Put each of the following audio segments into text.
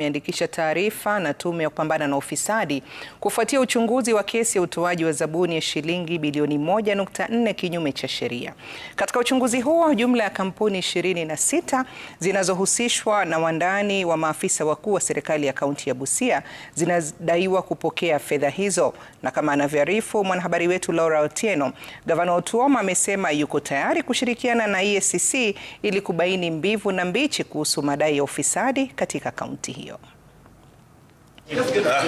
imeandikisha taarifa na tume ya kupambana na ufisadi kufuatia uchunguzi wa kesi ya utoaji wa zabuni ya shilingi bilioni 1.4 kinyume cha sheria. Katika uchunguzi huo, jumla ya kampuni 26 zinazohusishwa na wandani wa maafisa wakuu wa serikali ya kaunti ya Busia zinadaiwa kupokea fedha hizo, na kama anavyoarifu mwanahabari wetu Laura Otieno, Gavana Otuoma amesema yuko tayari kushirikiana na EACC ili kubaini mbivu na mbichi kuhusu madai ya ufisadi katika kaunti hiyo. 有。Ah,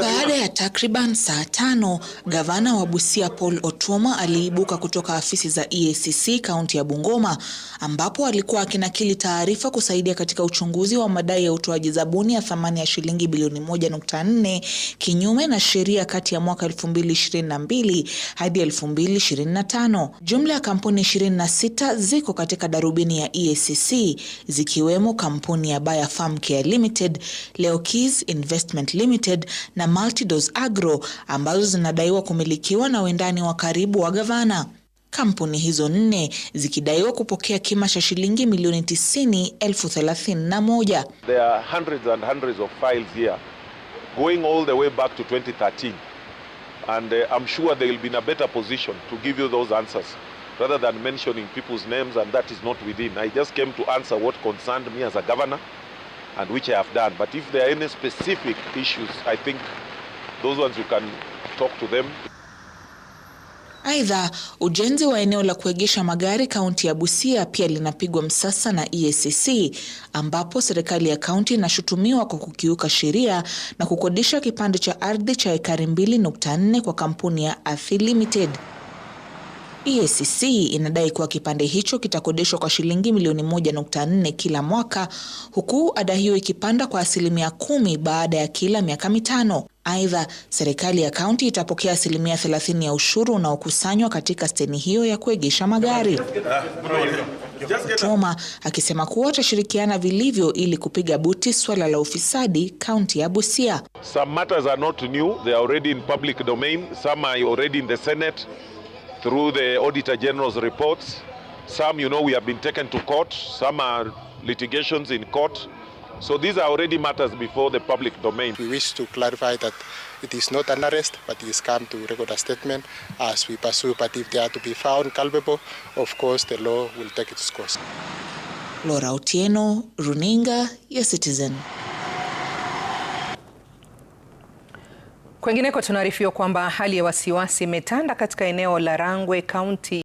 Baada ya takriban saa tano, gavana wa Busia Paul Otuoma aliibuka kutoka afisi za EACC kaunti ya Bungoma ambapo alikuwa akinakili taarifa kusaidia katika uchunguzi wa madai ya utoaji zabuni ya thamani ya shilingi bilioni 1.4 kinyume na sheria kati ya mwaka 2022 hadi 2025. Jumla ya kampuni 26 ziko katika darubini ya EACC zikiwemo kampuni ya Bayer Farm Care Limited Leokeys Investment Limited na Multidose Agro ambazo zinadaiwa kumilikiwa na wendani wa karibu wa gavana. Kampuni hizo nne zikidaiwa kupokea kima cha shilingi milioni tisini elfu thelathini na moja. There are hundreds and hundreds of files here going all the way back to 2013 and uh, I'm sure they will be in a better position to give you those answers rather than mentioning people's names and that is not within. I just came to answer what concerned me as a governor and which I have done. But if there are any specific issues, I think those ones you can talk to them. Aidha, ujenzi wa eneo la kuegesha magari kaunti ya Busia pia linapigwa msasa na EACC ambapo serikali ya kaunti inashutumiwa kwa kukiuka sheria na kukodisha kipande cha ardhi cha ekari 2.4 kwa kampuni ya Athi Limited. EACC inadai kuwa kipande hicho kitakodeshwa kwa shilingi milioni moja nukta nne kila mwaka, huku ada hiyo ikipanda kwa asilimia kumi baada ya kila miaka mitano. Aidha, serikali ya kaunti itapokea asilimia thelathini ya ushuru unaokusanywa katika steni hiyo ya kuegesha magari. Choma akisema kuwa atashirikiana vilivyo ili kupiga buti swala la ufisadi kaunti ya Busia. Some matters are not new, they are already in public domain, some are already in the Senate through the Auditor General's reports. Some, you know, we have been taken to court. Some are litigations in court. So these are already matters before the public domain. We wish to clarify that it is not an arrest, but it is come to record a statement as we pursue. But if they are to be found culpable, of course, the law will take its course. Laura Otieno, Runinga, your citizen. Kwengineko tunaarifiwa kwamba hali ya wasiwasi imetanda katika eneo la Rangwe, kaunti